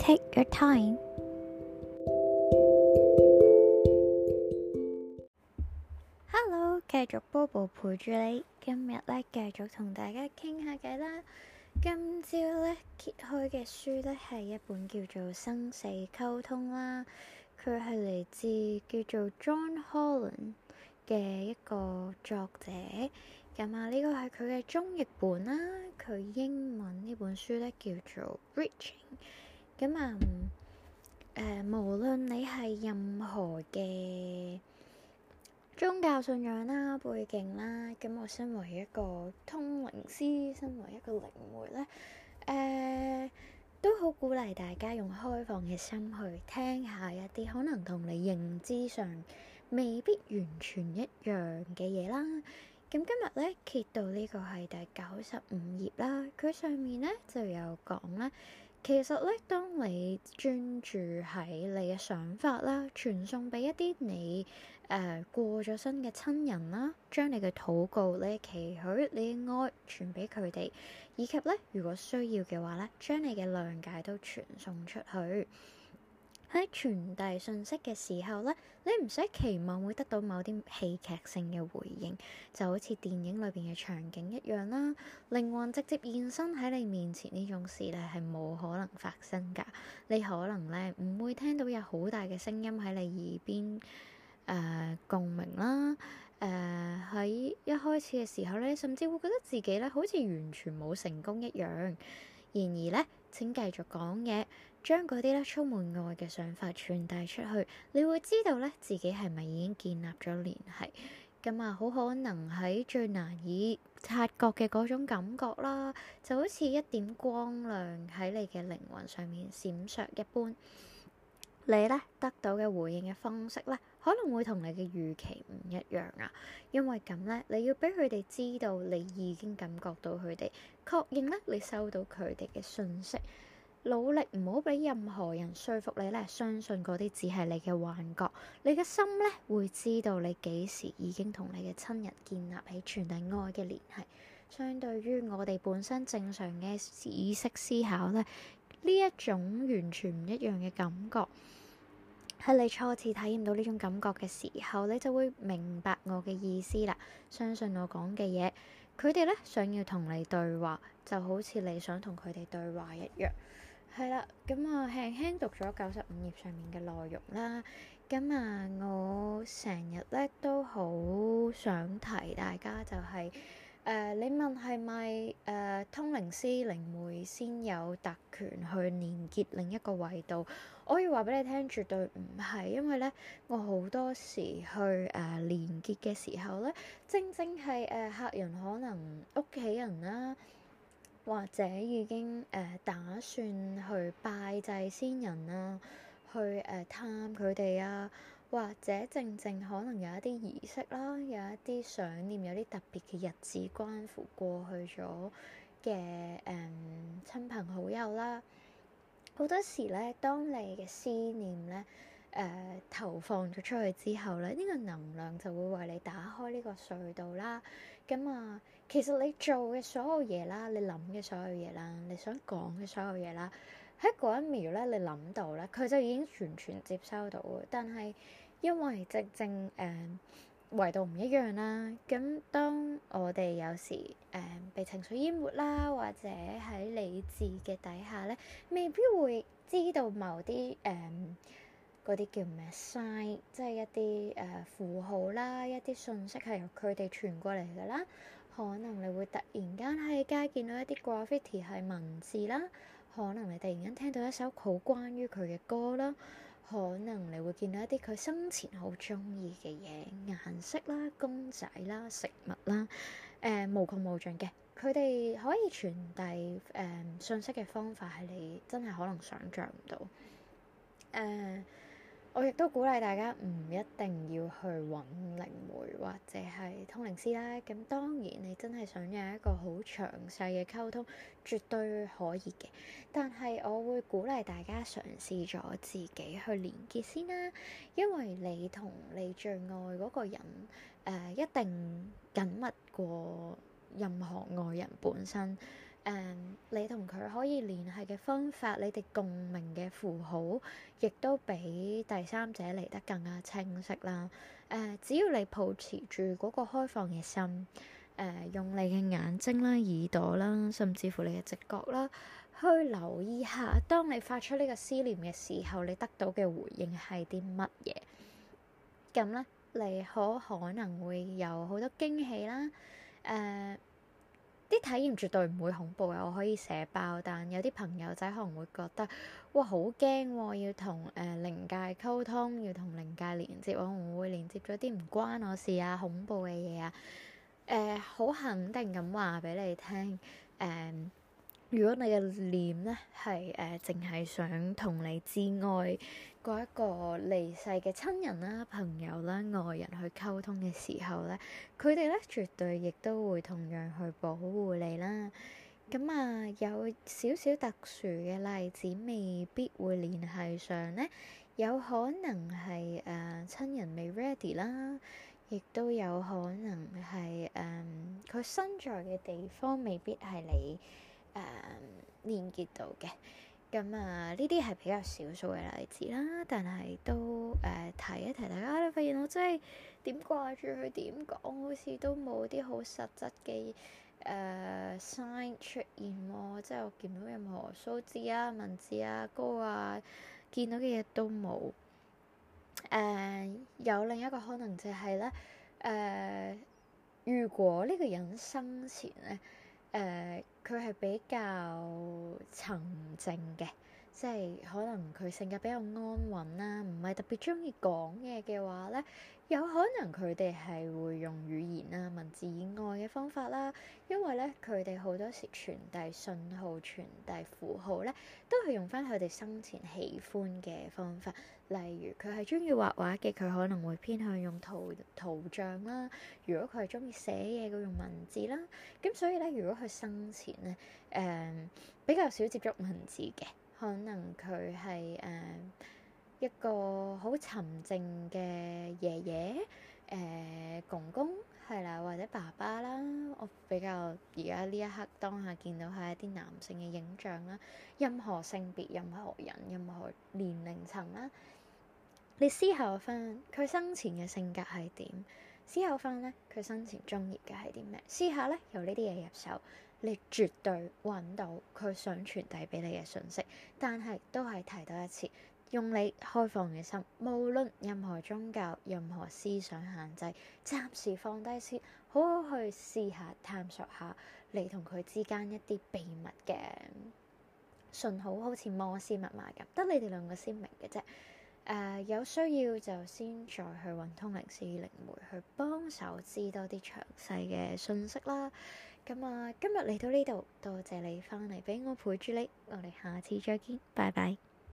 Take your time. Hello，繼續波波陪住你。今日咧，繼續同大家傾下偈啦。今朝咧，揭開嘅書咧係一本叫做《生死溝通》啦。佢係嚟自叫做 John Holland 嘅一個作者。咁、嗯、啊，呢個係佢嘅中譯本啦。佢英文呢本書咧叫做 Re《Reaching》。咁啊，誒、嗯呃，無論你係任何嘅宗教信仰啦、背景啦，咁我身為一個通靈師，身為一個靈媒咧，誒、呃，都好鼓勵大家用開放嘅心去聽下一啲可能同你認知上未必完全一樣嘅嘢啦。咁今日咧，揭到呢個係第九十五頁啦，佢上面咧就有講啦。其實咧，當你專注喺你嘅想法啦，傳送俾一啲你誒、呃、過咗身嘅親人啦，將你嘅禱告、你嘅期許、你嘅愛傳俾佢哋，以及咧，如果需要嘅話咧，將你嘅諒解都傳送出去。喺傳遞信息嘅時候咧，你唔使期望會得到某啲戲劇性嘅回應，就好似電影裏邊嘅場景一樣啦。靈魂直接現身喺你面前呢種事咧，係冇可能發生㗎。你可能咧唔會聽到有好大嘅聲音喺你耳邊誒、呃、共鳴啦。誒、呃、喺一開始嘅時候咧，甚至會覺得自己咧好似完全冇成功一樣。然而咧～請繼續講嘢，將嗰啲咧充滿愛嘅想法傳遞出去，你會知道咧自己係咪已經建立咗聯繫。咁啊，好可能喺最難以察覺嘅嗰種感覺啦，就好似一點光亮喺你嘅靈魂上面閃爍一般。你咧得到嘅回應嘅方式咧，可能會同你嘅預期唔一樣啊！因為咁咧，你要俾佢哋知道你已經感覺到佢哋確認咧，你收到佢哋嘅信息，努力唔好俾任何人説服你咧，相信嗰啲只係你嘅幻覺。你嘅心咧會知道你幾時已經同你嘅親人建立起全體愛嘅聯繫。相對於我哋本身正常嘅意識思考咧。呢一種完全唔一樣嘅感覺，喺你初次體驗到呢種感覺嘅時候，你就會明白我嘅意思啦。相信我講嘅嘢，佢哋咧想要同你對話，就好似你想同佢哋對話一樣。係啦，咁啊我輕輕讀咗九十五頁上面嘅內容啦。咁啊，我成日咧都好想提大家，就係、是。誒，uh, 你問係咪誒通靈師靈媒先有特權去連結另一個維度？我可以話俾你聽，絕對唔係，因為咧，我好多時去誒、uh, 連結嘅時候咧，正正係誒、uh, 客人可能屋企人啦、啊，或者已經誒、uh, 打算去拜祭先人啊，去誒、uh, 探佢哋啊。或者正正可能有一啲儀式啦，有一啲想念，有啲特別嘅日子，關乎過去咗嘅誒親朋好友啦。好多時咧，當你嘅思念咧，誒、呃、投放咗出去之後咧，呢、呢個能量就會為你打開呢個隧道啦。咁、嗯、啊，其實你做嘅所有嘢啦，你諗嘅所有嘢啦，你想講嘅所有嘢啦。喺嗰一秒咧，你諗到咧，佢就已經完全，全接收到嘅。但係因為正正誒維度唔一樣啦，咁當我哋有時誒、呃、被情緒淹沒啦，或者喺理智嘅底下咧，未必會知道某啲誒嗰啲叫咩 sign，即係一啲誒、呃、符號啦，一啲信息係由佢哋傳過嚟噶啦，可能你會突然間喺街見到一啲 graffiti 係文字啦。可能你突然間聽到一首好關於佢嘅歌啦，可能你會見到一啲佢生前好中意嘅嘢，顏色啦、公仔啦、食物啦，誒、呃、無窮無盡嘅。佢哋可以傳遞誒、呃、信息嘅方法係你真係可能想像唔到，誒、呃。我亦都鼓勵大家唔一定要去揾靈媒或者係通靈師啦。咁當然你真係想有一個好詳細嘅溝通，絕對可以嘅。但係我會鼓勵大家嘗試咗自己去連結先啦，因為你同你最愛嗰個人誒、呃、一定緊密過任何外人本身。誒、嗯，你同佢可以聯繫嘅方法，你哋共鳴嘅符號，亦都比第三者嚟得更加清晰啦。誒、嗯，只要你抱持住嗰個開放嘅心，誒、嗯，用你嘅眼睛啦、耳朵啦，甚至乎你嘅直覺啦，去留意下，當你發出呢個思念嘅時候，你得到嘅回應係啲乜嘢？咁、嗯、咧、嗯，你可可能會有好多驚喜啦，誒、嗯。啲體驗絕對唔會恐怖嘅，我可以寫爆。但有啲朋友仔可能會覺得，哇好驚、啊，要同誒、呃、靈界溝通，要同靈界連接，可能會、會連接咗啲唔關我事啊、恐怖嘅嘢啊。誒、呃，好肯定咁話俾你聽，誒、呃。如果你嘅臉咧係誒，淨係、呃、想同你至愛嗰一個離世嘅親人啦、啊、朋友啦、啊、外人去溝通嘅時候咧，佢哋咧絕對亦都會同樣去保護你啦。咁啊，有少少特殊嘅例子，未必會聯繫上咧，有可能係誒、呃、親人未 ready 啦，亦都有可能係誒佢身在嘅地方未必係你。誒、um, 連結到嘅。咁啊，呢啲係比較少數嘅例子啦。但係都誒提、呃、一提，大家都發現我真係點掛住佢點講，好似都冇啲好實質嘅誒、呃、sign 出現喎，即係我見到任何數字啊、文字啊、歌啊，見到嘅嘢都冇。誒、呃、有另一個可能就係、是、咧，誒、呃、如果呢個人生前咧，誒、呃。佢係比較沉靜嘅，即係可能佢性格比較安穩啦，唔係特別中意講嘢嘅話咧。有可能佢哋係會用語言啦、文字以外嘅方法啦，因為咧佢哋好多時傳遞信號、傳遞符號咧，都係用返佢哋生前喜歡嘅方法。例如佢係鍾意畫畫嘅，佢可能會偏向用圖圖像啦；如果佢係鍾意寫嘢，佢用文字啦。咁所以咧，如果佢生前咧誒、嗯、比較少接觸文字嘅，可能佢係誒。嗯一個好沉靜嘅爺爺，誒、呃、公公係啦，或者爸爸啦，我比較而家呢一刻當下見到係一啲男性嘅影像啦。任何性別、任何人、任何年齡層啦，你思考翻佢生前嘅性格係點？思考翻咧，佢生前中意嘅係啲咩？思考咧，由呢啲嘢入手，你絕對揾到佢想傳遞俾你嘅信息。但係都係提到一次。用你開放嘅心，無論任何宗教、任何思想限制，暫時放低先，好好去試下探索下你同佢之間一啲秘密嘅訊號，好似摩斯密碼咁，得你哋兩個先明嘅啫。誒、呃，有需要就先再去揾通靈師、靈媒去幫手知多啲詳細嘅信息啦。咁、嗯、啊，今日嚟到呢度，多謝你翻嚟俾我陪住你，我哋下次再見，拜拜。